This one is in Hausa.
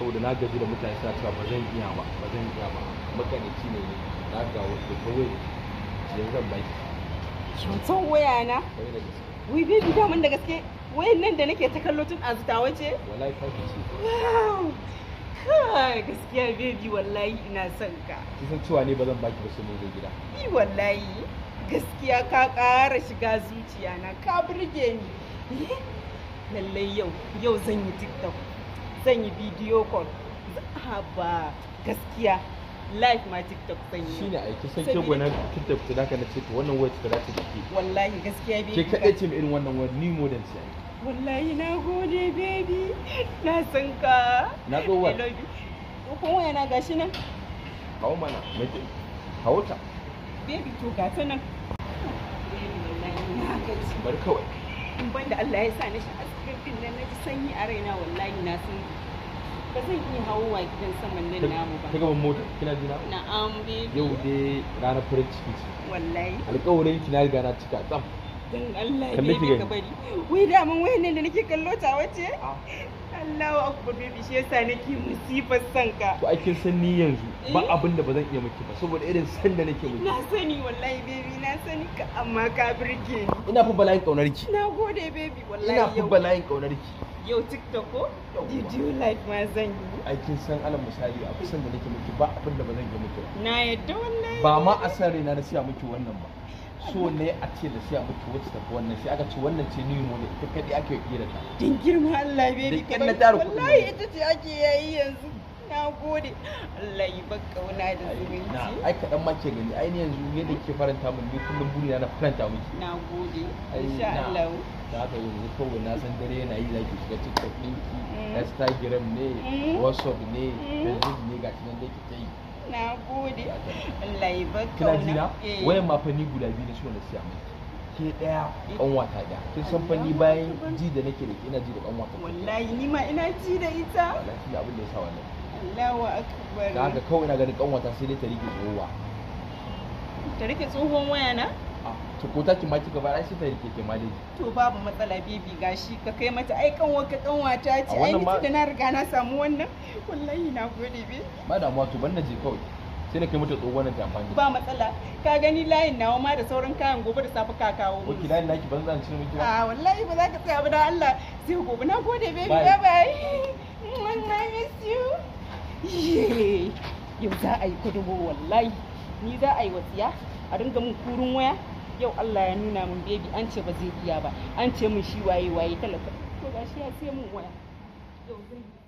saboda na gaji da mutane suna cewa ba zan iya ba ba zan iya ba makanici ne ne na ga wasu kawai ciyar zan baki cutar waya na wai bai bi damun da gaske wayan nan da nake ta kallo tun a zutawa ce wallahi ta ce kai gaskiya baby wallahi ina son ka kisan cewa ne ba zan baki ba sai mun gida bi wallahi gaskiya ka ƙara shiga zuciya na ka burge ni eh, lallai yau yau zan yi tiktok zan yi video call ba gaskiya live ma tiktok zan yi shine aiki sai ke gwana tiktok ta ka na ce to wannan wayar ta dace da ke wallahi gaskiya baby ke kadai ce irin wannan wayar ni modern ce wallahi na gode baby na san ka na tsowa kun waya na gashi nan kawo mana mai kawo ta baby to ga ta nan bari kawai in banda Allah ya sa na shi din nan na ji sanyi a raina wallahi na san ba zan iya hawo wa gidan saman nan namu ba. kaga mun mota kina jira Na'am baby. Yau dai ranar farin ciki ce. Wallahi. Alƙawarin kina na riga na cika tsam. dan Allah ne ka bari wai da mun wayannan da nake kallo ta wace ah. Allahu akbar baby shi yasa nake musifar son ka to ake san ni yanzu ba eh? abin da ba zan iya miki ba saboda irin san da nake miki na sani wallahi baby na sani ka amma ka burge ni ina fa bala'in kaunar ki na gode baby wallahi ina fa bala'in kaunar ki yau tiktok ko did you like ma zan yi aikin san alal misali a kusan da nake miki ba abin da ba zan yi miki na yadda wallahi ba ma a san raina na siya miki wannan ba so ne a ce da sai a mutu wacce tafi wannan sai aka ce wannan ce ni mu ne ita kadai ake kira ta din girma Allah bai bi kai wallahi ita ce ake yayi yanzu na gode Allah yi baka kauna da zumunci ai kadan dan make gani ai yanzu yadda ke faranta mun ni kullum burina na faranta miki na gode insha Allah da haka yanzu kawai na san dare yana yi zaki shiga TikTok ɗinki mm. Instagram ne mm. WhatsApp ne yanzu mm. Allah ya baka kina ji eh. wayan ma fanni guda biyu ne, suna na siya miki ke daya kanwata daya kin san fanni bayan ji da nake da ina ji da kanwata wallahi ni ma ina ji da ita wallahi abin da ya sa wannan Allahu akbar da haka kawai ina ganin kanwata sai dai ta rike tsohuwa ta rike tsohuwan waya na ah, to ko ta kima kika bara shi ta rike ke ma dai to babu matsala bibi gashi ka kai mata ai kan ka kanwa ta ce ai ni da na riga na samu wannan wallahi na gode be ba damuwa to banda je kawai sai na kai mata tsohuwar da ta amfani ba matsala ka gani layin nawa ma da sauran kayan gobe da safi kakawo kawo mu ki layin naki ban zan ci ba a ah, wallahi ba za ka tsaya ba da Allah sai gobe na gode baby bye bye na miss you yau za a yi kudubo wallahi ni za a yi wasiya a dinga mun kurun waya yau Allah ya nuna min baby an ce ba zai iya ba an ce min shi waye waye talaka to gashi ya sai mun waya yau zai